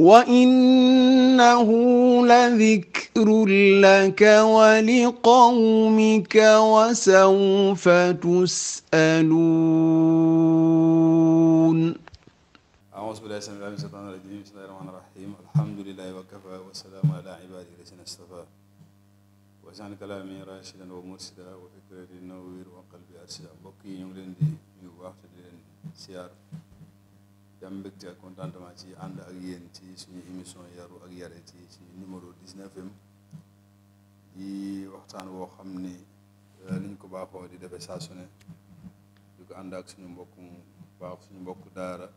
وإنه لذكر لك ولقومك وسوف تسألون أعوذ بالله السميع العليم من الشيطان الرجيم بسم الله الرحمن الرحيم الحمد لله وكفى والسلام على عباده الذين اصطفى وجعل كلامي راشدا ومرشدا وفكرتي نوير وقلبي أرشدا mbokk yi ñu ngi leen di nuyu waxtu di leen siyaar di am mbégte contentement ci ànd ak yéen ci suñu émission yaru ak yare ci suñu numéro 19M di waxtaan woo xam ni euh, niñ ko baaxoo di defee saa di ko ànd ak suñu mbokk mu baax suñu mbokk daara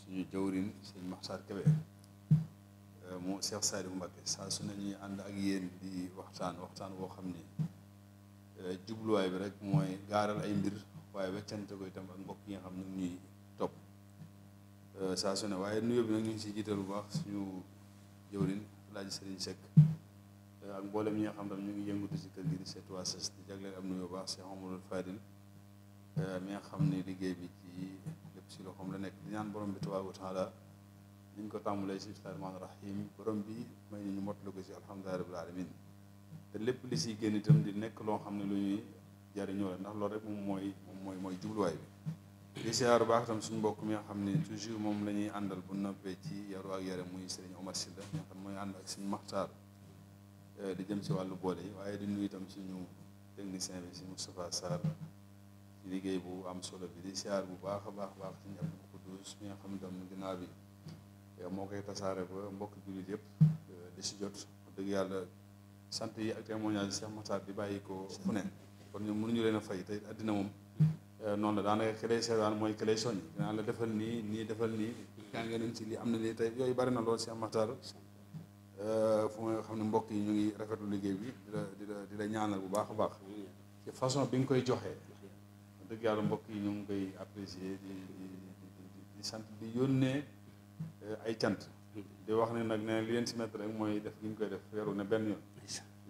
suñu jawrin seen Maxtaar Kebe euh, mu Cheikh Saliou bu saa su ne ñuy ànd ak yéen di waxtaan waxtaan woo xam ni euh, jubluwaay bi rek mooy gaaral ay mbir waaye weccante ko tam ak mbokk yi nga xam ne ñuy Euh, saa su ne waaye nuyoo bi nag ñu ngi siy jiital bu baax suñu jëwlin jëwriñ Alaaji Sëriñ Seck euh, ak mboolem ñi nga xam tam ñu ngi yëngatu si kër gi di seet waa am nuyoo bu baax Cheikh Amadou euh, mi nga xam ne liggéey bi ci lépp si loxom la nekk di ñaan borom bi tabaaraka wa taala niñ ko tàmbalee si bismillaahi rahmaani rahiim borom bi may ñu mot la ko si alhamdulilah rabbil te lépp li si génn itam di nekk loo xam ne lu ñuy jariñoo la ndax loolu rek moom mooy moom mooy mooy jubluwaay bi. di siyaaru baax tam suñu mbokk mi nga xam ne toujours moom la ñuy àndal bu noppee ci yaru ak yare muy Serigne Omar Sylla mi nga xam mooy ànd ak suñu maxtaar eh, di jëm si wàllu boole yi waaye di nuyu itam suñu technicien bi si Moustapha Sarr ci liggéey bu am solo bi di siyaar bu baax a baax baax suñu Abdou Koudous mi nga xam ne tam ginnaaw bi eh, moo koy tasaare ba mbokk jullit yëpp eh, di si jot dëgg yàlla sant yi ak témoignage Cheikh Maxtaar di bàyyi ko fu ne kon ñun mënuñu leen a fay te àddina moom Euh, noonu la daanaka ki lay mooy ki lay soññ dinaa la defal nii nii defal nii kaa ngi nañ ci lii am na lii tey yooyu bari na lool si amaxtaar euh, fu nga xam ne mbokk yi ñu ngi rafetlu liggéey bi di di la ñaanal bu baax a baax ci façon bi nga koy joxee dëgg yàlla mbokk yi ñu ngi koy apprécier sant di yónnee euh, ay cant di wax ne nag ne li leen si mettre rek mooy def li ñu koy def weeru ne benn yoon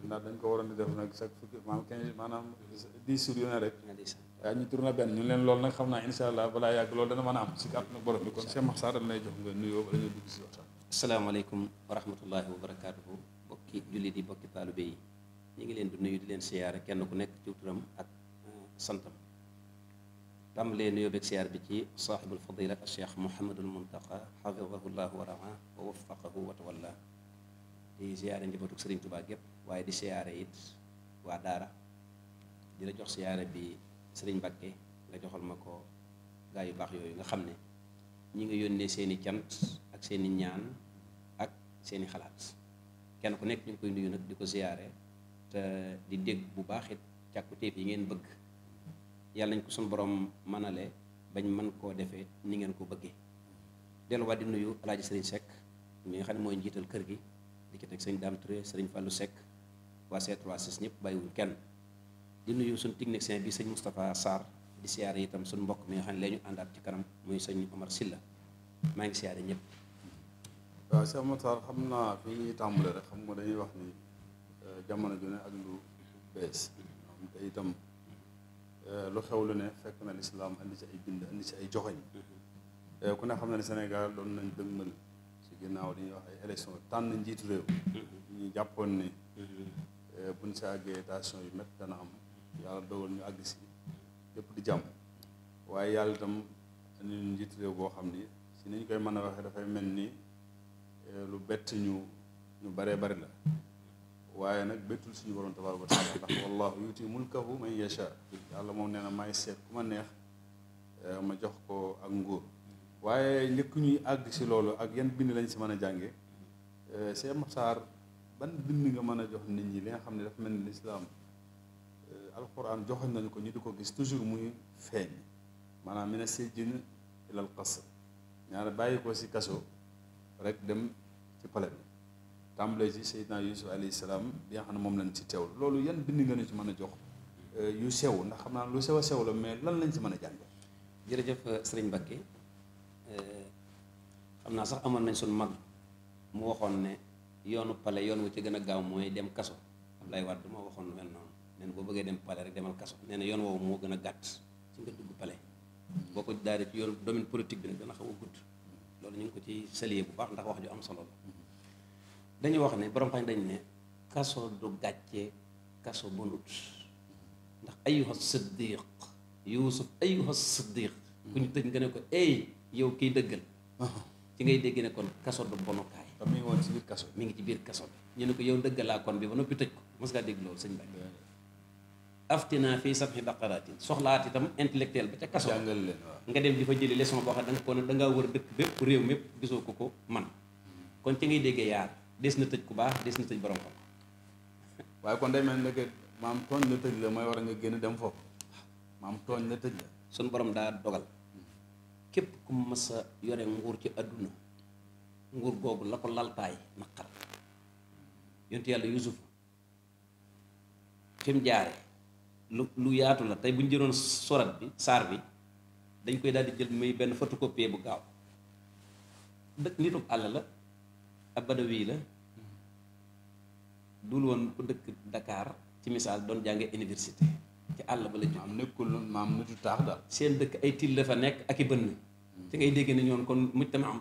ndax dañ ko waroon di def nag chaque fukki maanaam quinze maanaam dix jours yu rek waaye ñu tourné benn ñu leen loolu nag xam naa incha allah balaa yàgg loolu dana mën a am si kàttanu borom bi kon Cheikh Makhtar dañ lay jox nga nuyoo bala ñuy dugg si waxtaan asalaamaaleykum wa rahmatullahi wa barakaatuhu bokki jullit yi bokki ñu ngi leen di nuyu di leen siyaare kenn ku nekk ci turam ak uh, santam leen nuyoo beeg siyaar bi ci saaxibul fadila ak cheikh Mouhamadul Muntaqa xafidahu llahu wa raa wa waffaqahu wa tawalla di siyaare njabootu Sëriñ Tuubaa gépp waaye di siyaare it waa daara di la jox siyaare bi sëriñ Mbàkke nga joxal ma ko gaa yu baax yooyu nga xam ne ñi nga yónnee seeni cant ak seeni ñaan ak seeni xalaat kenn ku nekk ñu ngi koy nuyu nag di ko ziyaare te di dégg bu baaxit càkku téef yi ngeen bëgg yàlla nañ ko suñu borom manale bañ mën koo defee ni ngeen ko bëggee delluwaat di nuyu alaaji sëriñ Seck mi nga xam ne mooy njiital kër gi di ci teg sëriñ Dame Touré sëriñ Fallou sekk waa C3 6 ñëpp bàyyiwuñ kenn di nuyu suñu technicien bi sëñ Moustapha Sarr di siyaare itam suñ mbokk mi nga xam ne lee ñu àndaat ci kanam muy sëñ Omar Silla maa ngi siyaare ñëpp waaw Cheikh Matar xam naa fi ñuy tàmbale rek xam nga dañuy wax ni euh, jamono ju ne ak lu bees am te itam euh, fekk na lislaam andi ci ay bind andi ci ay joxoñ euh, ku ne xam na ne Sénégal doon nañ dëgmal si ginnaaw dañuy wax ay élection tànn njiitu réew mm-hmm. ñu jàppoon ni mm-hmm. buñ si àggee tension yu métti dana am yàlla dogal ñu àgg si lépp di jàmm waaye yàlla itam indi ñu njiit réew boo xam ni si ni ñu koy mën a waxee dafay mel ni eh, lu bett ñu ñu baree bari la waaye nag bettul suñu borom tabaaraka wa taala ndax wallahu yuti mulkahu man yasha yàlla moom nee na maay seet ku ma neex eh, ma jox ko ak nguur waaye njëkk ñuy àgg si loolu ak yan bind lañ si mën a jànge Cheikh eh, Makhtar ban bind nga mën a jox nit ñi li nga xam ne dafa mel ni lislaam alquran joxoñ nañu ko ñu di ko gis toujours muy feeñ maanaam mi ne sijjin ilal qasr ñaare bàyyi ko si kaso rek dem ci pale bi tàmbalee ci Seydina Yusuf alayhi salaam bi nga xam ne moom lañ ci teewlu loolu yan bind nga ñu ci mën a jox euh, yu sew ndax xam naa lu sew a sew la mais lan lañ si mën a jàng jërëjëf euh, sëriñ Mbakke euh, xam naa sax amoon nañ suñ mag mu waxoon ne yoonu pale yoon wu ci gën a gaaw mooy dem kaso Ablaye Wade ma waxoon lu mel noonu nee boo bëggee dem palais rek demal kaso nee na yoon woowu moo gën a gàtt ci nga dugg palais boo ko daari ci yoon domaine politique bi nag dana xaw a gudd loolu ñu ngi ko ci saluer bu baax ndax wax ju am solo la dañu wax ne borom xam dañ ne kaso du gàccee kaso bonut ndax ayuha siddiq yuusuf ayuha siddiq ku ñu tëj nga ne ko ey yow kiy dëggal ci ngay dégg ne kon kaso du bonukaay mi ngi woon ci biir kaso mi ngi ci biir kaso bi ñu ne ko yow dëggalaa kon bi ba noppi tëj ko mos ngaa dégg loolu sëñ Ba aftina fii sabhi baqaratin soxlaat itam intellectuel ba ca kaso nga dem di fa jëli leçon boo xam da nga ko ne da ngaa wër dëkk bépp réew mépp gisoo ko ko man kon ci ngay déggee yaar des na tëj ku baax des na tëj borom ko waaye kon day mel maam tooñ la tëj la mooy war a nga génn dem foofu maam tooñ la tëj la suñ borom daa dogal képp ku mas a yore nguur ci àdduna nguur googu la ko laltaay naqar yontu yàlla Yuusuf fi mu jaare lu yaatu la tey bu ñu jëloon sorat bi saar bi dañ koy daal di jël muy benn photocopie bu gaaw dëkk nitub àll la ab badawi la dul woon ku dëkk Dakar ci misaal doon jànge université ci àll ba la jóg maam nekkul maam nitu taax daal seen dëkk ay till dafa nekk ak i bënn ci ngay dégg ne ñoom kon muj tama am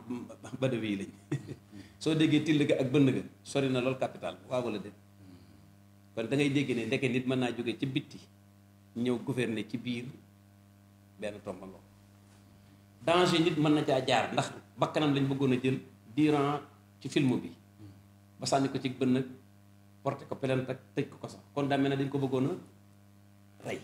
badawi lañ soo déggee till ga ak bënn ga sori na lool capital waaw wala déet kon da ngay dégg ne ndeke nit mën naa jóge ci bitti ñëw gouverner ci biir benn tombaloo danger nit mën na caa jaar ndax bakkanam lañ bëggoon a jël durant ci film bi ba sànni ko ci bën nag porté ko plainte ak tëj ko sax kon daa mel ne dañ ko bëggoon a rey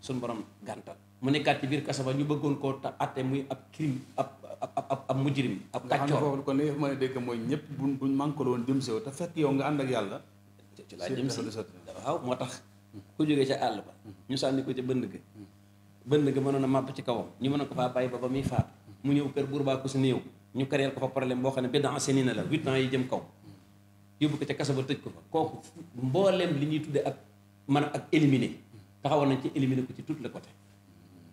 suñ borom gàntal mu nekkaat ci biir kasa ñu bëggoon ko ta atte muy ab crime ab ab ab mujrim ab kàccoor kon li nga mën a dégg mooy ñëpp buñ buñ manqué woon jëm te fekk yow nga ànd ak yàlla ci laa jëm waaw moo tax ku jógee ca àll ba ñu sànni ko ca bënd ga bënd ga mënoon a màbb ci kawam ñu mënoon ko faa bàyyi ba ba muy faatu mu ñëw kër buur ko si néew ñu kareel ko fa problème boo xam ne bidan seni na la huit ans yi jëm kaw yóbbu ko ca kaso ba tëj ko fa kooku mbooleem li ñuy tudde ak maanaam ak éliminer taxawoon nañ ci éliminer ko ci tout le côté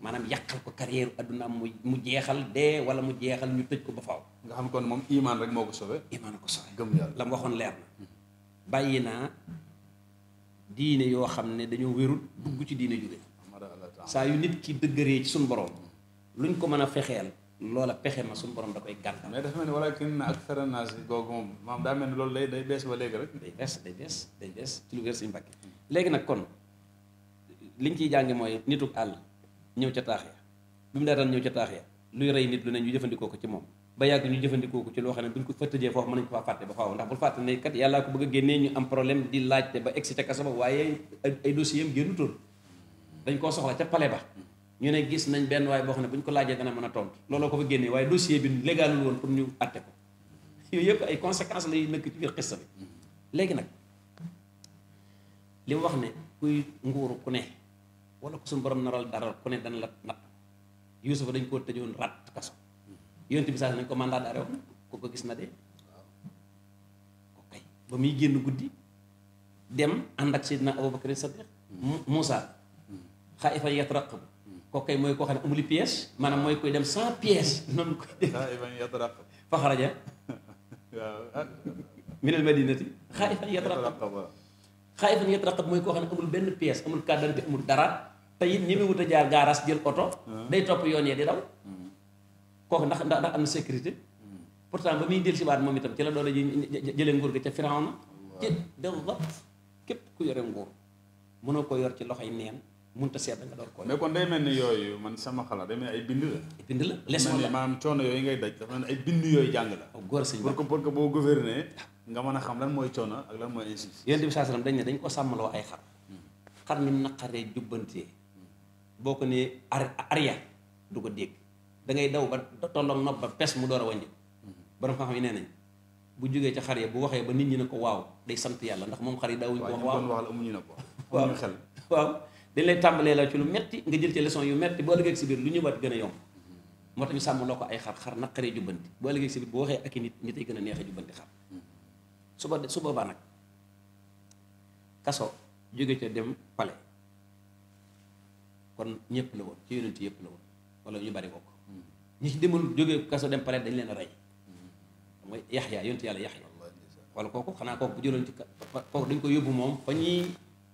maanaam yàqal ko carrière adduna am mu mu jeexal dee wala mu jeexal ñu tëj ko ba faaw. nga xam kon moom imaan rek moo ko sauvé. imaan ko sauvé gëm yàlla la mu waxoon leer na bàyyi naa diine yoo xam ne dañoo wérul dugg ci diine jóge saa yu nit ki dëggëree ci suñ borom luñ ko mën a fexeel loola pexe ma suñ borom da koy gàntal mais dafa mel ni walakin akthara naas googu moom maam daa mel ni loolu lay day bees ba léegi rek day bees day bees day bees ci lu wér suñu mbàkke léegi nag kon li liñ ciy jànge mooy nituk àll ñëw ca taax ya bi mu daataan ñëw ca taax ya luy rey nit lu ne ñu jëfandikoo ko ci moom ba yàgg ñu jëfandikoo ko ci loo xam ne buñ ko fa tëjee foofu mën nañu ko faa fàtte ba faaw ndax bul fàtte ne kat yàllaa ko bëgg a génnee ñu am problème di laajte ba excité kaso ba waaye ay dossier am génnutoon dañ koo soxla ca pale ba ñu ne gis nañ benn waaye boo xam ne bu ñu ko laajee dana mën a tontu looloo ko fa génnee waaye dossier bi légalul woon pour ñu àtte ko yooyu yëpp ay conséquences lay nekk ci biir xista bi léegi nag li mu wax ne kuy nguuru ku ne wala ku suñu borom ku ne dana la natt yonent bi nañ ko mandat d'arrêt ku ko gis na de waaw kay ba muy génn guddi dem ànd ak Seydina Aboubacar Sadiq Moussa xaifan yatraqab hmm. ko kay mooy koo ne amul pièce maanaam mooy koy def xaifan yatraqab fa xaraja minal madinati mooy koo xam ne amul benn pièce amul carte d'identité amul dara te it ñemewut jaar gaaraas jël oto hmm. day topp yoon yee di daw hmm. kooku ndax ndax am na sécurité pourtant ba muy dellusiwaat moom itam ci la doole ji jëlee nguur gi ca firaw na ci développe képp ku yore nguur mënoo ko yor ci loxoy neen mun ta seet nga door koo mais kon day man sama xalaat day mel ay bind la bind yooyu ngay daj dafa ay bind yooyu jàng la oh, góor sëñ pour mën a xam lan mooy coono ak lan mooy injustice dañ ne dañ ko sàmmaloo ay xar xar ni naqaree jubbantee boo ko nee ar du ko dégg dangay daw ba tolloog nopp ba pes mu door a wàññi borom xam-xam yi nee nañ bu jógee ca xar ya bu waxee ba nit ñi ne ko waaw day sant yàlla ndax moom xar yi daawuñu ko wax waaw amuñu nopp waaw xel waaw dañ lay tàmbalee la ci lu metti nga jël ci leçon yu metti boo liggéey si biir lu ñëwaat gën a yomb moo tax ñu sàmm loo ko ay xar xar naqaree jubbanti boo liggéey si biir bu waxee ak i nit ñi tey gën a neexee jubbanti xar suba su boobaa nag kaso jóge ca dem pale ñëpp woon ci yonent yëpp la wala ñu bari ko ñi ci demul jóge kaso dem pare dañ leen a rey mooy yaxya yontu yàlla yaxya wala kooku xanaa kooku bu jëloon ci kooku dañ ko yóbbu moom fa ñuy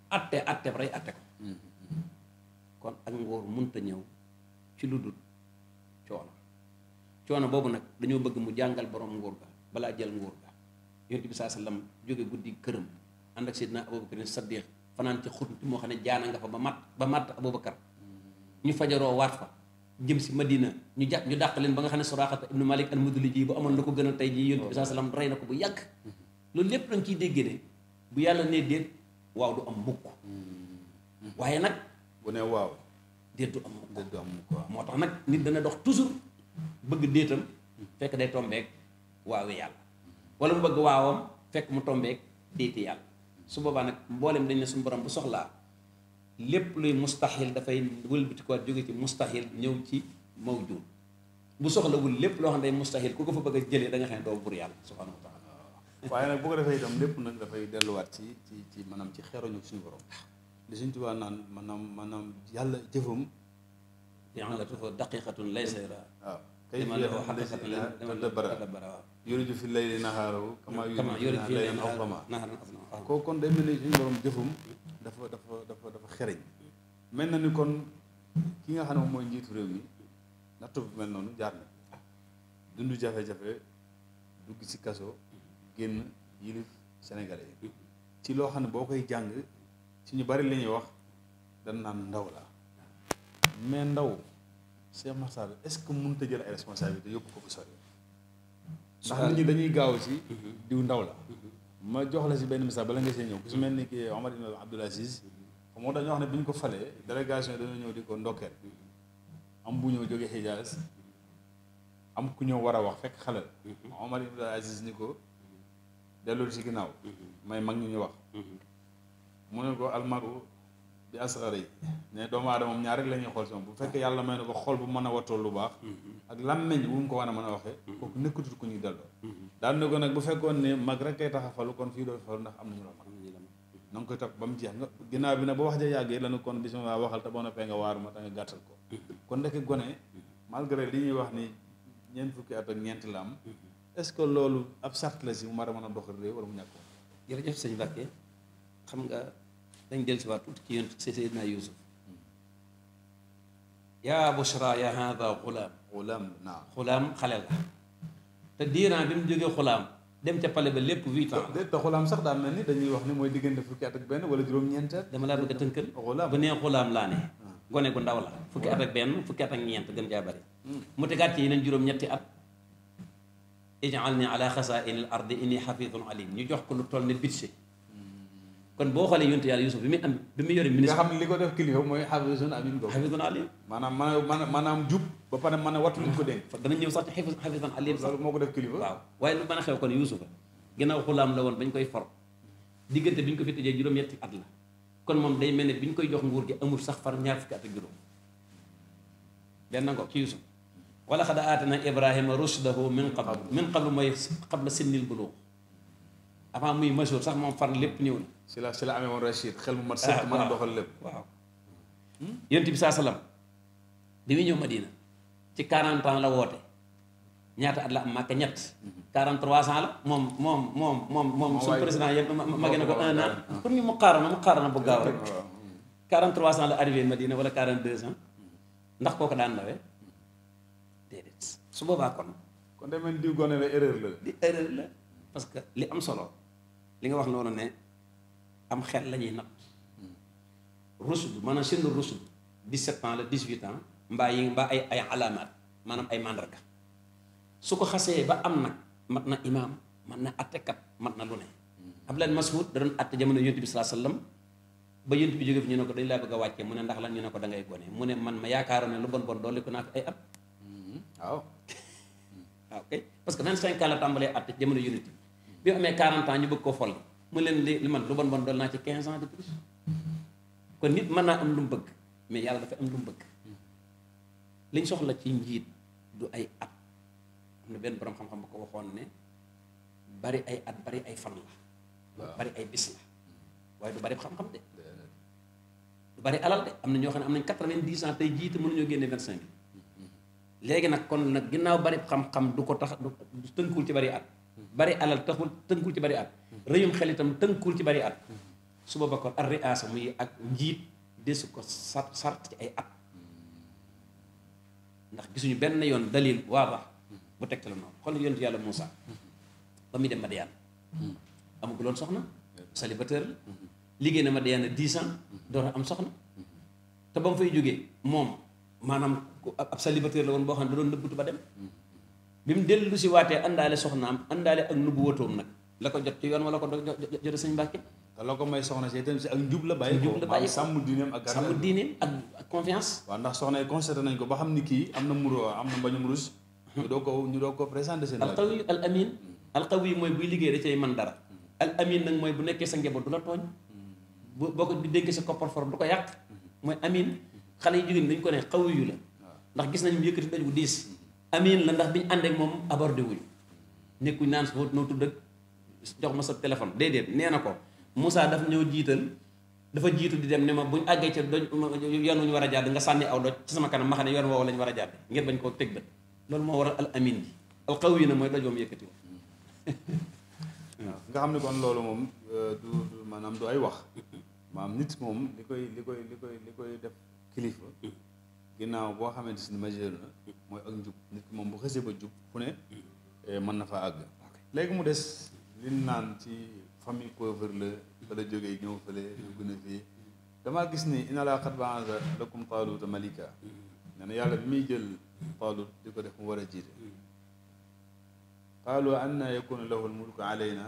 atte atte ba rey atte ko kon ak ngóor mënta ñëw ci lu dul coono coono boobu nag dañoo bëgg mu jàngal boroom ngóor ga balaa jël ngóor ga yonent bi saa jóge guddi këram ànd ak seydina abubakar saddiq fanaan ci xut moo xam ne jaana nga fa ba mat ba mat abubakar ñu fajaroo waat fa jëm si Madina ñu jàpp ñu dàq leen ba nga xam ne Suraaxata ibnu Malik al Mudliji bu amoon la ko gën a tey jii yonent bi saa salaam rey na ko bu yàgg loolu lépp dañ ciy dégg ne bu yàlla nee déet waaw du am mukk waaye nag bu ne waaw déet du am mukk moo tax nag nit dana dox toujours bëgg déetam fekk day tombeek waawee yàlla wala mu bëgg waawam fekk mu tombeek déeti yàlla su boobaa nag mboolem dañ ne suñu borom bu soxlaa lépp luy mustaxil dafay wëlbati ko jóge ci mustaxil ñëw ci mawjud bu soxlawul lépp loo xam ne mustaxil ku ko fa bëgg a jëlee da nga xam ne doo buur yàlla subhaanahu wa taala waaye nag bu ko defee itam lépp nag dafay delluwaat ci ci ci maanaam ci xeeroñu suñu borom li suñ tubaa naan maanaam maanaam yàlla jëfam yaalatuhu daqiqatun laysa waaw kayfa tadabbara waaw yoriju fi layli nahaarahu kama yoriju fi layli awqama suñu borom jëfam dafa dafa dafa dafa xereñ mel na ni kon ki nga xam ne moom mooy njiitu réew mi nattu bu mel noonu jaar na dund jafe-jafe dugg ci kaso génn yilif sénégalais yi ci loo xam ne boo koy jàng ci ñu bari li ñuy wax dañ naan ndaw la mais ndaw Cheikh Massar est-ce que mën jël ay responsabilité yóbbu ko bu sori ndax nit ñi dañuy gaaw ci mm-hmm. diw ndaw la mm-hmm. ma jox la si benn misaal bala nga see ñëw ku si mel ni ki Omar Ibn Abdoul Aziz moo tax wax ne bi ñu ko falee délégation dañoo ñëw di ko ndokkeel am bu ñëw jógee Hijaz am ku ñëw war a wax fekk xale la Omar Aziz ni ko delloo si ginnaaw mm-hmm. may mag ñu ñu wax mm-hmm. mu ne ko almaru di asar yi ne doomu ko a mhm. a mën a waxee mhm. kooku nekkatul ku ñuy mhm. ko nag bu fekkoon ne mag rek tax a falu kon fii doo falu la mag na nga koy topp ba mu jeex bi nag ba wax ja yàggee lana kon bisimilah waxal te boo noppee nga waar ma te nga gàttal ko kon ndeke gone malgré li ñuy wax ni ñeent fukki at ak ñeent la am est-ce que loolu ab sart la si mu mar a mën a doxal réew wala mu ñàkk jërëjëf sëñ Mbacke xam nga dañ dellusiwaat tuuti ci yéen Seydina Yuusuf yaa bushra ya hada xulaam xulaam naa xulaam xale la te diiran bi mu jógee xulaam dem ca pale ba lépp huit ans la te xulaam sax daa mel ni dañuy wax ni mooy diggante fukki at ak benn wala juróom-ñeent dama laa bëgg a tënkal bu laa ne ah. gone gu la fukki at ak benn fukki at ak ñeent gën jaa bari hmm. mu tegaat ci yeneen juróom-ñetti at ij'alni ala xasaa'ini al ardi inni xafidun alim ñu jox ko lu toll ne budget kon boo xoolee yonent yàlla Yuusuf bi muy am bi muy yore ministre nga xam ne li ko def kilifa mooy xafisun amin boobu maanaam man maanaam jub ba pare mën a wattu luñ ko dénk danañ ñëw sax ci xafisun alim sax moo ko def kilifa waaw waaye lu mën a xew kon Yuusufa ginnaaw xulaam la woon bi ko fi tëjee juróom-ñetti at la kon moom day mel ne bi ñu koy jox nguur gi amul sax far ñaar fukki at ak juróom benn ngoog ci Yuusuf wala xad aatana ibrahima rushdahu min qabl min qabl mooy qabla sinnil buluug avant muy majeur sax moom far lépp ñëw na si la si la amee woon Rachid xel mu mat sëkk ah, mën a doxal lépp waaw yonent bi saa salaam bi Madina ci 40 ans la woote ñaata at ñett 43 ans la moom moom moom moom moom suñu président yëpp mage na ko un an pour ñu mu xaarana bu gaaw rek 43 ans la arrivé Madina wala 42 ans ndax kooko daan lawee su boobaa kon kon demeen diw gone la erreur la di parce que li am solo li nga wax noonu ne am xel la ñuy natt rusul maanaam seen rusul 17 ans la 18 ans mbaa yi mbaa ay ay alaamaat maanaam ay mandarga su ko xasee ba am nag mat na imaam mat na attekat mat na lu ne. Abdullah Mas'ud da doon atte jamono yonent bi sallallahu alayhi wasallam ba ñu ne ko dañ laa mu ne ndax lan ñu ne ko da ngay gone mu ne man ma yaakaaroon ne lu bon ko naa fi ay at. waaw waaw kay parce que 25 ans la tàmbalee atte jamono yonent bi bi mu amee 40 ñu bëgg koo folli. mu leen li li man lu bon bon dool naa ci quinze ans de plus kon nit mën naa am lu mu bëgg mais yàlla dafa am lu mu bëgg liñ soxla ci njiit du ay at am na benn borom xam-xam bu ko waxoon ne bari ay at bari ay fan la bari ay bis la waaye du bari xam-xam de du bari alal de am na ñoo xam ne am nañ quatre-vingt-dix ans tey jiite mënuñoo génne vingt-cinq bi léegi nag kon nag ginnaaw bari xam-xam du ko tax du tënkul ci bari at bari alal taxul tënkul ci at rëyum xel itam tënkul ci bari at su ba kon ar riasa muy ak njiit desu ko sart sart ci ay at ndax gisuñu benn yoon dalil waa ba bu tegte la noonu xool yonent yàlla Moussa ba muy dem Madiyana amaguloon soxna célibataire la liggéey na Madiyana dix ans am soxna te ba mu fay jógee moom maanaam ab célibataire la woon boo xam ne da doon nëbbutu ba dem bi mu dellu si waatee àndaale soxnaam àndaale ak nubuwatoom nag la ko jot ci yoon wala ko do jot sëñ Mbàkke te la ko may soxna si itam si ak njub la bàyyi ko maanaam sàmm diineem ak sàmm ak confiance waaw ndax soxna yi constaté nañ ko ba xam ni kii am na muro am na mbañum rus ñu doo ko ñu doo ko présenté seen alqawi al amin alqawi mooy buy liggéey da cay man dara al nag mooy bu nekkee sa njaboot du la tooñ bu bi dénkee sa coffre-fort du ko yàq mooy amin xale yi jigéen dañ ko ne xawi yu la ndax gis nañu yëkkati daj bu diis amin la ndax biñu ànd ak moom abordé wuñu nekkuñ naan noo tudd jox ma sa téléphone déedéet nee na ko musaa daf ñëw jiital dafa jiitu di dem ne ma buñ àggee ca doj yoon wuñu war a jàdd nga sànni aw doj ci sama kanam ma xam ne yoon woowu war a jàdd ngir bañ koo teg ba loolu moo waral al amin bi al qawi na mooy doj moom yëkkati nga xam ne kon loolu moom euh, du maanaam du ay wax maanaam nit moom li koy li koy li koy li koy def kilifa ginnaaw boo xamante ni majeur na mooy ak njub nit moom bu xësee ba jub ku ne eh, mën na fa àgg léegi mu des liñ naan ci famille pauvre la fa la jógee ñëw fële dugg na fii damaa gis ni ina laa xat baansa lakum taaluta malika mm-hmm. nee na yàlla bi muy jël taalut di ko def mu war a jiite mm-hmm. qaalu anna yakunu lahu almulku alayna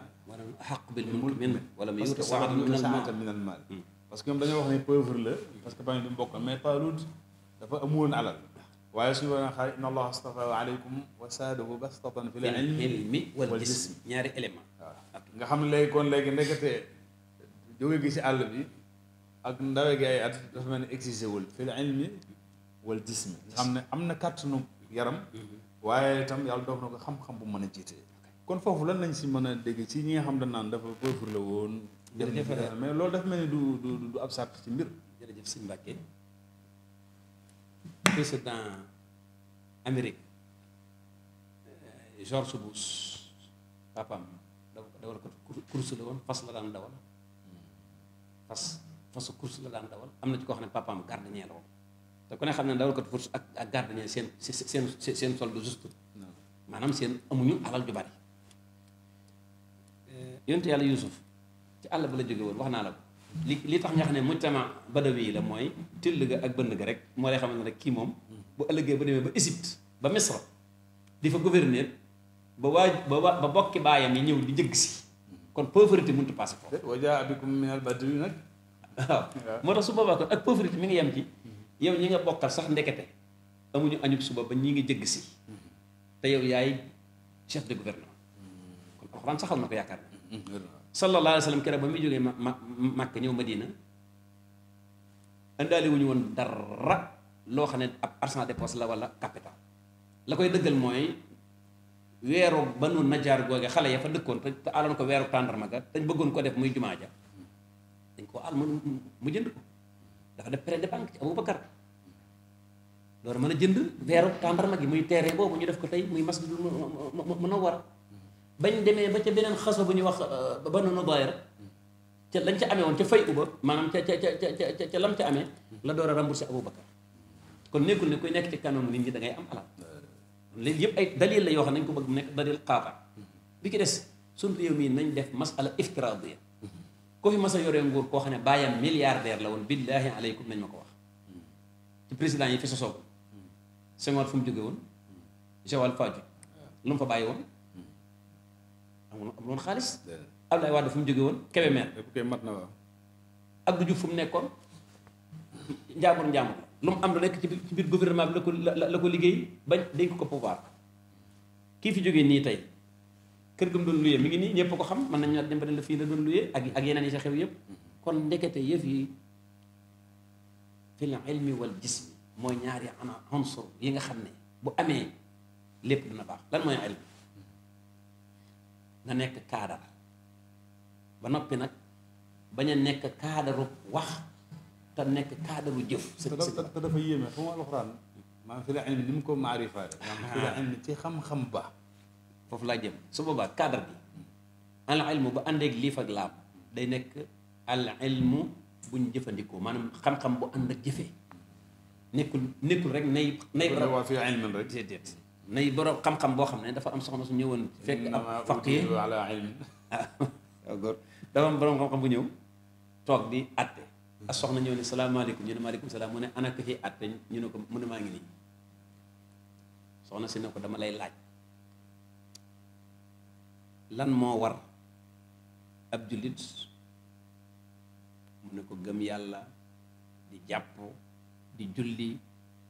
ahaq bil mulk min wala mu yuuta saatan min al maal mm-hmm. parce que ñoom dañoo wax ne pauvre la parce que famille bi mu bokkal mais taalut dafa amuloon alal waaye suñu war a xaar inna allaha astafa aleykum wa saadahu bastatan fil ilmi wal jism ñaari élément nga xam léegi kon léegi ndeketee jóge gi si àll bi ak ndawe gi ay at dafa mel ni existé wul fil ilmi wal jismi nga xam ne am na kàttanu yaram waaye tam yàlla doof na ko xam-xam bu mën a jiite kon foofu lan lañ si mën a dégg ci ñi nga xam dañ naan dafa pauvre la woon mais loolu dafa mel ni du du du ab sàrt ci mbir jërëjëf si Mbàkke président Amérique euh, George Bush papam dawal ko course la woon fas la daan dawal fas fasu course la daan dawal am na ci koo xam ne papaam gardien la woon te ku ne xam ne dawal ko course ak ak gardien seen seen seen sol du juste maanaam seen amuñu alal ju bari yonte yàlla Yuusuf ci àll ba la jóge woon wax naa la ko li li tax nga xam ne mujtama badawi la mooy till ga ak bënd ga rek moo lay xam ne rek kii moom bu ëllëgee bu demee ba Égypte ba Misra di fa gouverner ba waaj ba bokki baa bokki baayam yi ñëw di jëgg si kon pauvreté mënut a passé foofu. wajaa abikum min al moo tax su boobaa kon ak pauvreté mi ngi yem ci yow ñi nga bokkal sax ndekete amuñu añub suba ba ñi ngi jëgg si mm-hmm. te yow yaay chef de gouvernement mm-hmm. kon alxuraan saxal na ko yaakaar mm-hmm. na sallallahu alayhi wa sallam keroog ba muy jógee ma ma makk ñëw Madina indaale wuñu woon dara loo xam ne ab argent de poche la wala capital la koy dëggal mooy. weeru banu najjaar googe xale ya fa dëkkoon te aloon ko weeru tàndarma ga dañ bëggoon ko def muy jumaa ja dañ ko al mu jënd ko dafa def prêt de banque ci Aboubacar loolu mën a jënd weeru tàndarma gi muy terrain boobu ñu def ko tey muy masjidul munawwar bañ demee ba ca beneen bu ñuy wax euh, banu nadair ca lañ ca amee woon ca fay uba maanaam ca ca ca ca lam ca amee la door a remboursé Aboubacar kon nekkul ne kuy nekk ci kanamu nit ñi dangay ngay am alal léegi yëpp ay dalil la yoo xam ne nañ ko bëgg mu nekk dalil xaata bi ki des suñ réew mii nañ def masala iftiradiya ko fi mas a nguur koo xam ne bàyyam milliardaire la woon billaahi aleykum nañ ma ko wax ci président yi fi sosoo ko Senghor fu mu jóge woon Joal Fadiouth lu mu fa bàyyi woon amul woon xaalis Abdoulaye Wade fu mu jóge woon Kébémer mat na waaw Abdou Diouf fu mu nekkoon njaambur njaambur lu mu am lu nekk ci biir ci biir gouvernement bi la ko liggéey ba dañ ko ko pouvoir kii fi jógee nii tey kër gam doon luyee mi ngi nii ñëpp ko xam mën nañu dem ba ne la fii la doon luyee ak ak yeneen yi sa xew kon ndekete yëf yi fil ilmi mooy ñaari ana unsur yi nga xam ne bu amee lépp dina baax lan mooy nekk kaadar ba noppi nag bañ a nekk kaadaru wax te nekk kaadaru jëf. sëñ bi te dafa yéeme xam nga alxuraan maanaam fi la ilmi ni mu ko maarifaale. Ah. maanaam fi la ilmi ci xam-xam ba. foofu laa jëm su boobaa cadre al ilmu ba àndeeg liif day nekk al ilmu buñ jëfandikoo maanaam xam-xam bu ànd ak jëfee nekkul nekkul rek nay. nay borom waa fi ilmin rek déedéet nay xam-xam boo xam ne dafa am soxna su ñëwoon. fekk ab faqih ah, dafa am borom xam-xam bu ñëw toog di àtte. as soxna ñëw ne salaamaaleykum ñu ne maaleykum salaam mu ne ana ko fii àtte ñu ne ko mu ne maa ngi nii soxna si ne ko dama lay laaj lan moo war ab jullit mu ne ko gëm yàlla di jàpp di julli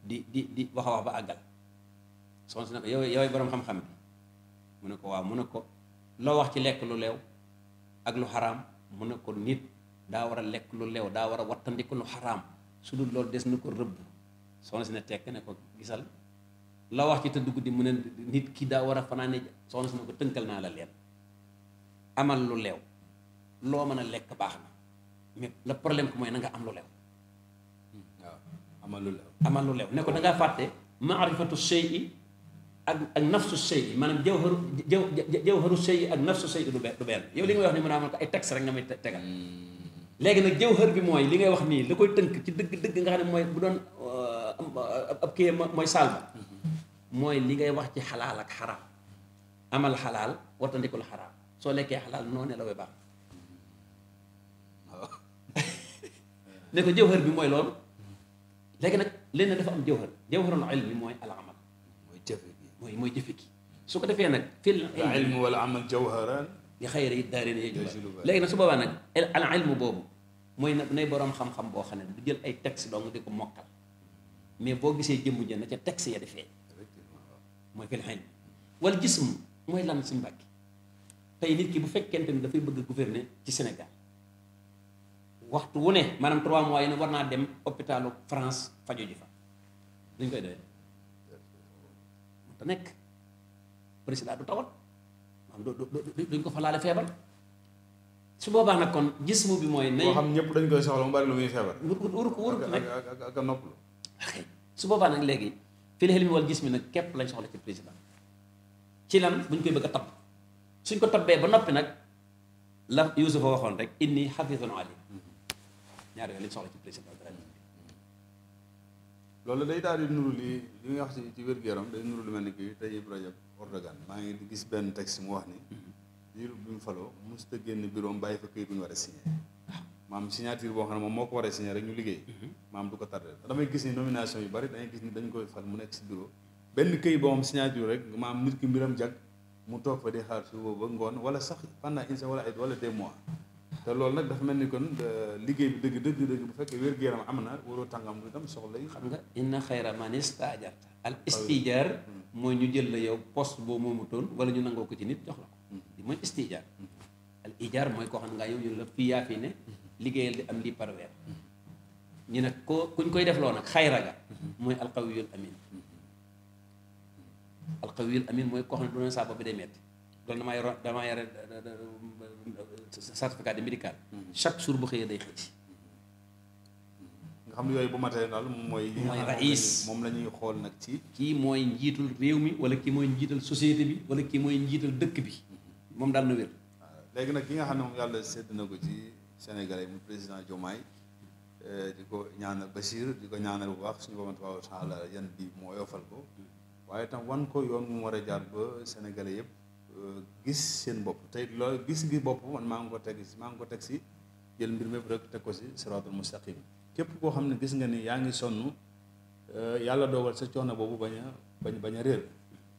di di di wax a wax ba àggal soxna si ne ko yow yow boroom xam-xam bi mu ne ko waaw mu ne ko loo wax ci lekk lu leew ak lu xaraam mu ne ko nit daa war a lekk lu leew daa war a wattandiku lu xaraam su dul loolu des na ko rëbb soxna si ne tekk ne ko gisal la wax ci tëdd guddi mu ne nit ki daa war a fanaane ne si ne ko tënkal naa la leen amal lu leew loo mën a lekk baax na mais le problème mooy na nga am lu leew hmm, waaw amal lu leew lu leew ne da ngaa fàtte maarifatu shay'i ak ak nafsu shay'i maanaam jawharu jawharu shay'i ak nafsu shay'i du benn yow li nga wax ne mën a amal ko ay texte rek nga may tegal hmm. léegi nag jawhar bi mooy li ngay wax nii li koy tënk ci dëgg dëgg nga xam ne mooy bu doon uh, ab kii mooy salba mooy li ngay wax ci xalaal ak xaraam amal xalaal wartandikul xaraam soo lekkee xalaal noo ne la way baax ne ko jawhar bi mooy loolu léegi nag lenn dafa am jawhar jawharul ilmi mooy al amal mooy jëfe ki su ko defee nag fil ilmi wal amal jawharan li xayra yi daareen yee léegi na su boobaa nag al ilmu boobu mooy nag nay boroom xam-xam boo xam ne du jël ay texte dong di ko mokkal mais boo gisee jëmm jën na ca texte ya di feeñ mooy fil ilm wal jism mooy lan suñu mbàkki tey nit ki bu fekkente ni dafay bëgg gouverner ci Sénégal waxtu wu ne maanaam trois mois yi ne war naa dem hôpitalu France fajo ji fa duñ koy doy te nekk président du tawat kon duñ ko fa laale feebar su boobaa nag kon gis bi mooy. nay boo xam ñëpp dañ koy soxla mu bari lu muy feebar. wóor ko ko nag ak ak noppalu. su boobaa nag léegi fii la xel mi gis mi nag képp lañ soxla ci président ci lan buñ koy a tabb suñ ko tabbee ba noppi nag la Yuusufa waxoon rek inni xafidun alim ñaar yooyu lañ soxla ci loolu day daal di nuru li li nga wax ci ci wér-gu-yaram day nuru lu mel ni kii tey Ibrahima Erdogan maa ngi gis benn texte mu wax ni diir bi mu faloo mosut a génn bureau am bàyyi fa këyit bu ñu war a signé maam signature boo xam ne moom moo ko war a signé rek ñu liggéey maam du ko tardé damay gis ni nomination yu bari dangay gis ni dañ koy fal mu nekk si bureau benn këyit boo xam signature rek maam nit ki mbiram jag mu toog fa di xaar suba ba ngoon wala sax pendant une semaine wala ay wala deux mois te loolu nag dafa mel ni kon euh, liggéey bi dëgg dëgg dëgg bu fekkee wér-gu-yaram am na waroo tàngam lu tam soxla yi. xam nga inna xayra man istaajarta al ah hmm. mooy ñu jël la yow post boo moomutoon wala ñu nangoo ko ci nit jox la ko. Hmm. li mooy istijaar hmm. al ijaar mooy koo xam nga yow ñu la fii yaa fi ne liggéeyal di am lii par weer ñu ne ko kuñ koy def loo nag xayra ga mooy alqawiyul amin alqawiyul amin mooy koo xam ne du na saa bi day metti loolu damaa yore damaa euh, euh, certificat de médical mm-hmm. chaque jour bu xëyee day xëcc nga xam ne yooyu bu matee daal moom mooy mooy moom la ñuy xool nag ci kii mooy njiitul réew mi wala kii mooy njiital société bi wala kii mooy njiital dëkk bi mm-hmm. moom daal na wér ah, léegi nag ki nga xam ne moom yàlla sédd na ko ci Sénégal yi mu président Diomaye eh, di ko ñaanal Bachir di ko ñaanal bu baax suñu boppam tabaaraka taala yan bii moo yofal ko mm-hmm. waaye tam wan ko yoon mu war a jaar ba Sénégalais yëpp gis seen bopp tey loolu gis gi bopp man maa ngi ko teg maa ngi ko teg si jël mbir mépp rek teg ko si sa siraatul mustaqim képp koo xam ne gis nga ni yaa ngi sonn euh, yàlla dogal sa coono boobu bañ a bañ bañ a réer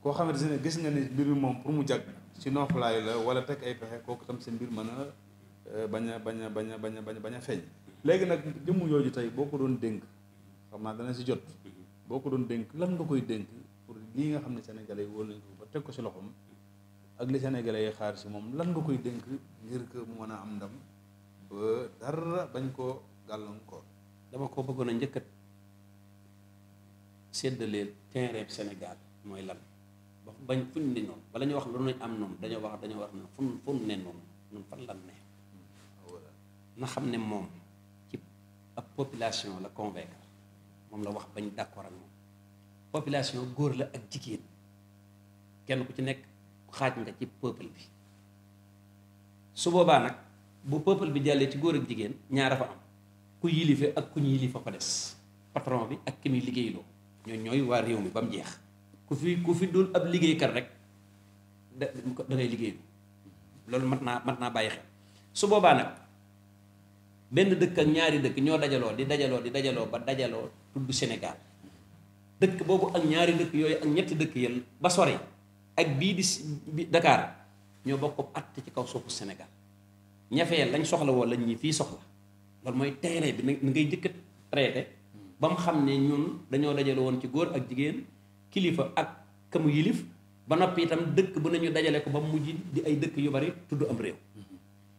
koo xamante ne gis nga ni mbir mi moom pour mu jag si nooflaay la wala teg ay pexe kooku tam sa mbir mën euh, a bañ a bañ a bañ a bañ a bañ a feeñ léegi nag jëmm yooyu tey boo ko doon dénk xam naa si jot boo ko doon dénk lan nga koy dénk pour lii nga xam ne Sénégalais yi wóor nañ ko ba teg ko si loxoom ak li Sénégalais yi xaar si moom lan nga koy dënk ngir que mu mën a am ndam ba dara bañ koo gàllankoor. dama ko bëggoon a njëkkat séddale terrain Sénégal mooy lan ba bañ fuñ ne noonu bala ñu wax lu ñu am noonu dañoo wax dañoo wax noonu fun fun ne noonu ñun fan lan ne na xam ne moom ci ab population la convaincre moom la wax bañ d'accord ak moom population góor la ak jigéen kenn ku ci nekk xaaj nga ci peuple bi su boobaa nag bu peuple bi jàllee ci góor ak jigéen ñaara fa am ku yilife ak ku ñu yilifa fa des patron bi ak ki muy liggéeyloo ñooñ ñooy waa réew mi ba mu ku fi ku fi dul ab liggéeykat rek da da ngay liggéeylu loolu mat naa mat naa bàyyi xel su boobaa nag benn dëkk ak ñaari dëkk ñoo dajaloo di dajaloo di dajaloo ba dajaloo tudd Sénégal dëkk boobu ak ñaari dëkk yooyu ak ñetti dëkk yéen ba sore ak bii di bi Dakar ñoo bokk att ci kaw suufu Sénégal ñafee lañ soxla woo lañ ñi fii soxla loolu mooy terrain bi na ngay jëkk traité ba mu xam ne ñun dañoo dajale woon ci góor ak jigéen kilifa ak kamu yilif ba noppi itam dëkk bu nañu dajale ko ba mujj di ay dëkk yu bari tudd am réew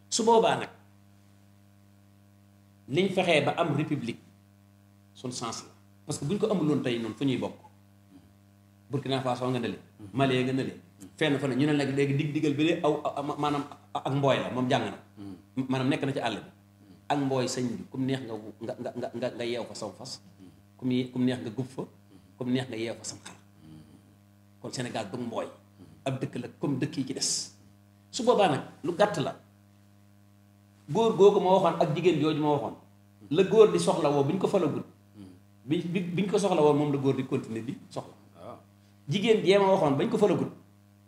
su boobaa nag liñ fexee ba am république suñ sens la parce que buñ ko amuloon tey noonu fu ñuy bokk Burkina Faso nga nële Mali nga nële fenn fa ne ñu ne nag léegi dig diggal bi lee aw maanaam ak mbooy la moom jàng na mm. maanaam nekk na ci àll bi ak mbooy sañ bi kum neex nga nga nga nga nga yeew fa saw fas kum kum neex nga gub fa kum neex nga yeew fa sam xar kon Sénégal du mbooy ab dëkk la comme dëkk yi ci des su boobaa nag lu gàtt la góor googu ma waxoon ak jigéen jooju ma waxoon la góor di soxla woo bi ñu ko falagul mm. bi bi ñu ko soxla woon moom la góor di continuer di soxla jigéen jee ma waxoon bañ ko falagut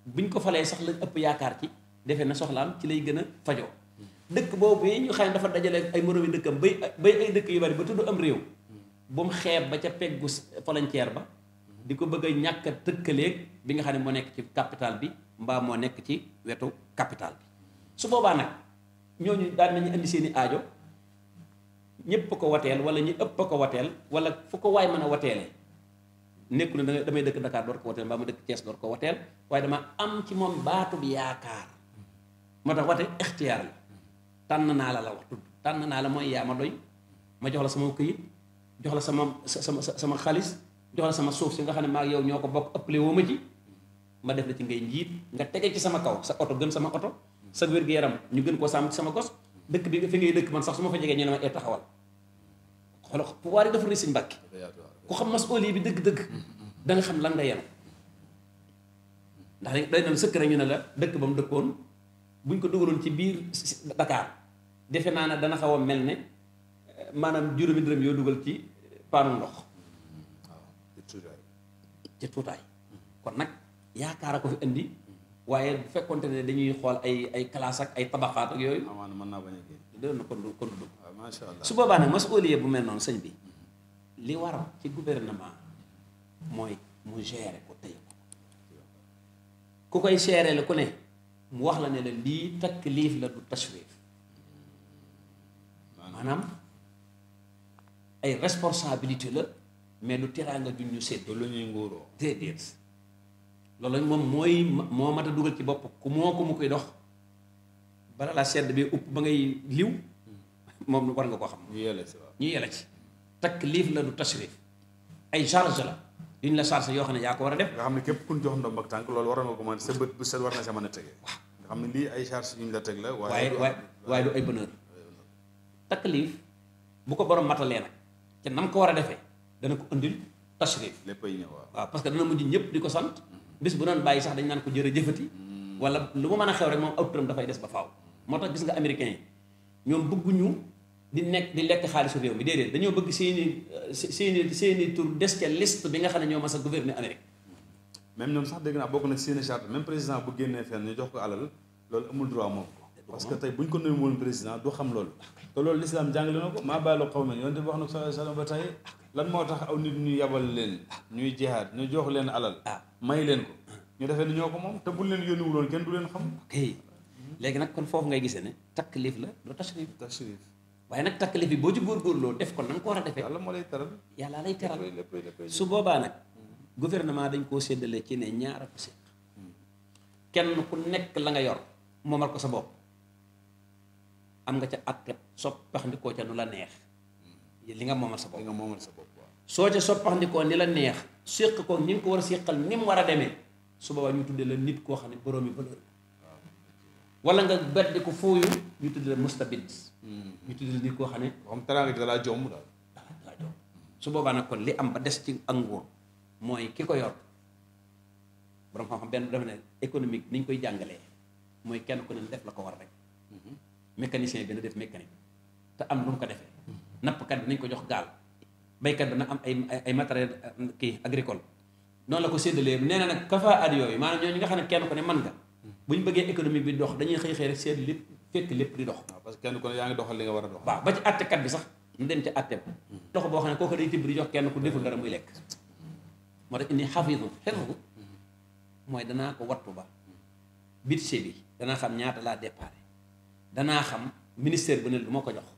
buñ ko falee sax la ëpp yaakaar ci defe na soxlaan ci lay gën a fajoo dëkk boobu yi ñu xam ne dafa dajale ay moroomi dëkkam bay bay ay dëkk yu bari ba tudd am réew bu mu xeeb ba ca peggu frontière ba di ko bëgg a ñàkk a tëkkaleeg bi nga xam ne moo nekk ci capital bi mbaa moo nekk ci wetu capital bi su boobaa nag ñooñu daan nañu indi seen i aajo ñëpp ko wateel wala ñu ëpp ko wateel wala fu ko waay mën a wateelee nekku na danga damay dëkk Dakar door ko wateel mbaa ma dëkk Thiès door ko wateel waaye dama am ci moom baatu bi yaakaar moo tax wate ixtiyaar la tànn naa la la wax tudd tànn naa la mooy yaa ma doy ma jox la sama këyit jox la sama sama sama xaalis jox la sama suuf si nga xam ne maa yow ñoo ko bokk ëppale woo ma ma def la ci ngay njiit nga tege ci sama kaw sa oto gën sama oto sa wér-gu-yaram ñu gën koo sàmm ci sama gos dëkk bi fi ngay dëkk man sax su ma fa jegee ñu ne eh, taxawal xool pouvoir yi dafa ku xam masuuliya bi dëgg-dëgg da xam lan nga yem ndax day na sëkk rek ñu ne la dëkk ba mu dëkkoon buñ ko dugaloon ci biir Dakar defe naa ne dana xaw mel ne eh, maanaam juróomi dërëm yoo dugal ci paanu ndox ci tuutaay kon nag yaakaar a ko fi indi waaye bu fekkonte ne dañuy xool ay ay classe ak ay tabaxaat ak yooyu. mën a génn. kon du kon du dugg. Ah, macha allah su boobaa nag masuuliya bu mel noonu sëñ bi. li war ci gouvernement mooy mu gérer ko tëye ko ku koy gérer la ku ne mu wax la ne la lii taklif la du taswif maanaam ay responsabilité la mais lu teraanga jun ñu sédd lu ñuy nguuroo déedéet loolu moom mooy moo mat a dugal ci bopp ku moo ko mu koy dox bala la sedd bi upp ba ngay liw moom lu war nga ko xam ñu yele ci taklif la du tashrif ay charge la yu ñu la charge yoo xam ne yaa ko war a def. nga xam ne képp ku ñu jox ndomb ak tànk loolu war na ko mën sa bët bu war na sa mën a tege. nga xam ne lii ay charge yu ñu la teg la. bu ko borom matalee nag te nam ko war a defee dana ko andil tashrif. léppay ñëw waaw parce que dana mujj ñëpp di ko sant. Mm-hmm. bis bu doon bàyyi sax dañ naan ko jërëjëfati. Mm-hmm. wala lu mu mën a xew rek moom aw turam dafay des ba faaw. moo tax gis nga américain ñoom bëgguñu di nekk di lekk xaalisu réew mi déedéet dañoo bëgg seeni seeni seeni tur des ca liste bi nga xam ne ñoo mas a gouverner Amérique. même ñoom sax dégg naa bokk na seeni charte même président bu génnee fenn ñu jox ko alal loolu amul droit moom. parce que tey bu ko nuyu woon président du xam loolu. te loolu lislaam jàngale na ko maa baalu qawmin yonent bi ba tey lan moo tax aw nit ñu yabal leen ñuy jeexaat ñu jox leen alal. Ah. may leen ko ñu defee ni ñoo ko moom te buñ leen yónniwuloon kenn du leen xam. léegi nag kon foofu ngay gisee ne taklif la du tashrif tashrif waaye nag takkale bi boo ci góorgóorloo def ko na ko war a defee. yàlla moo lay teral yàlla lay teral su boobaa nag gouvernement dañ koo séddalee ci ne ñaar ak séq kenn ku nekk la nga yor moomal ko sa bopp am nga ca àtte soppaxndikoo ca nu la neex li nga moomal sa bopp. li nga moomal sa bopp soo ca soppaxndikoo ni la neex séq ko ni nga ko war a séqal ni mu war a demee su boobaa ñu tuddee la nit koo xam ne boroomi valeur wala nga beddi ko fooyu ñu tudd la mustabid mm-hmm. ñu tudd la nit koo xam ne. xam teraanga da laa jomb daal. su boobaa nag kon li am ba des ci ak mooy ki ko yor borom xam-xam benn dafa économique niñ koy jàngalee mooy kenn ku ne def la ko war rek mm-hmm. mécanicien bi na def mécanique te am lu mu ko defee nappkat bi nañ ko jox gaal baykat bi na am ay ay matériel euh, kii agricole noonu la ko séddalee nee na nag kafa at yooyu maanaam ñu nga xam ne kenn ku ne man nga. bu ñu bëggee économie bi dox dañuy xëy xëy rek seet lépp fekk lépp di dox. waaw parce que kenn ku ne yaa ngi doxal li nga war a dox. waaw ba ci àttekat bi sax mu dem ci àtteem. dox boo xam ne kooku day tibb di jox kenn ku deful dara muy lekk. moo tax indi xafiisu xeexu mooy danaa ko wattu ba budget bi danaa xam ñaata laa déparé danaa xam ministère bu ne du ma ko jox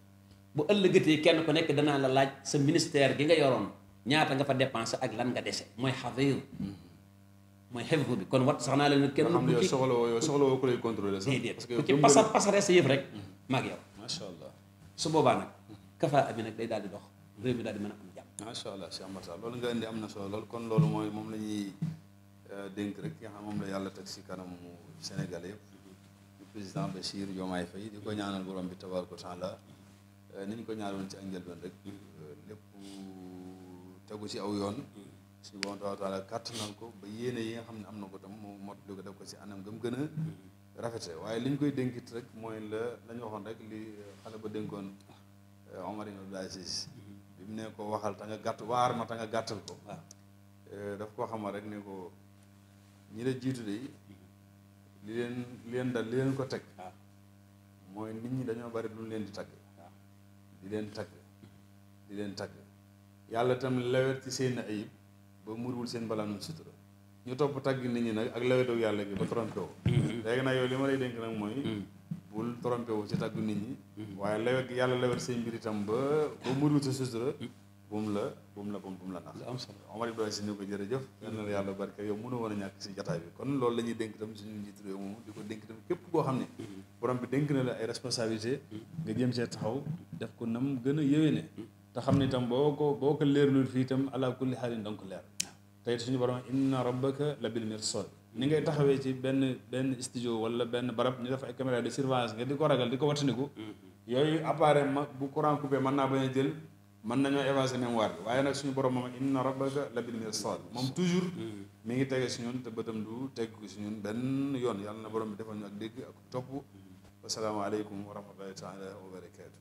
bu ëllëgatee kenn ku nekk danaa la laaj sa ministère gi nga yoroon ñaata nga fa dépensé ak lan nga dese mooy xafiisu. mooy xefu bi kon wat naa leen ne kenn. du ci soxla woo ku lay contrôler sax. pasaree sa yëf rek. Mm-hmm. maag yow. macha allah su boobaa nag. kafaa abi nag day daal di dox. réew mi daal di mën a am jàmm. macha allah Cheikh Amar loolu nga indi am na solo lool kon loolu mooy moom la ñuy euh, dénk rek nga xam moom la yàlla teg si kanamu Sénégal yëpp. président Bassirou Diomaye Faye di ko ñaanal borom bi tabaaraka taala euh, ni ñu ko ñaanoon ci ak njëlbeen rek mm-hmm. euh, lépp tegu ci aw yoon. Mm-hmm. suñu borom tabaaraka taala kàttanal ko ba yéene yi nga xam ne am na ko tam mu mot li ko def ko si anam gëm gën a mm-hmm. rafete waaye li ñu koy dénkit rek mooy la lañu waxoon rek li xale ba dénkoon eh, Omar ibn Abdul mm-hmm. bi mu ne ko waxal ta gàtt waar ma ta gàttal ko ah. eh, daf koo xamal rek ne ko ñi la jiitu de mm-hmm. li leen li leen dal li leen ko teg ah. mooy nit ñi dañoo bari lu leen di tagg ah. di leen tagg leen tagg yàlla tam lewet ci seen ayib ba muruwul seen mbalaanum sutura ñu topp tàgg nit ñi nag ak lawetaw yàlla gi ba trompé wu mm-hmm. léegi nag yow li ma lay dénk nag mooy mm-hmm. bul trompé wu ci tàggu nit ñi mm-hmm. waaye lawet gi yàlla lawet seen mbir itam ba ba muurwul sa sutura buum la buum la buum buum la nax am solo Omar Ibrahima si ni ko jërëjëf yal na la yàlla barke yow mënu woon a ñàkk si jataay bi kon loolu lañuy ñuy dénk itam suñu njiit réew moom di ko dénk itam képp koo xam ne borom bi dénk na la ay responsabilité nga jéem see taxaw def ko nam gën a yéwéne te xam ne itam boo ko boo ko fii itam ala kulli xaalin leer tey suñu borom inna rabbaka la bil mirsad ni ngay taxawee ci benn benn studio wala benn barab ñu def ay caméra de surveillance nga di ko ragal di ko wattandiku mm-hmm. yooyu appareil ma bu courant coupé mën naa bañ jël mën nañoo évacuer mémoire bi waaye nag suñu borom moom inna rabbaka la bil mirsad moom toujours mm-hmm. mi ngi tege si ñun te bëtam du teg ko si ñun benn yoon yàlla na borom bi defal ñu ak dégg ak topp mm-hmm. wasalaamaaleykum wa rahmatullahi taala wa barakaatu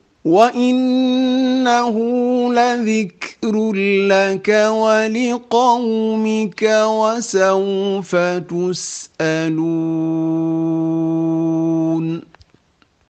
وانه لذكر لك ولقومك وسوف تسالون